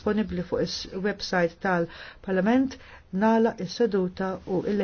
disponibbli fuq is-website tal-Parlament nala is-seduta u il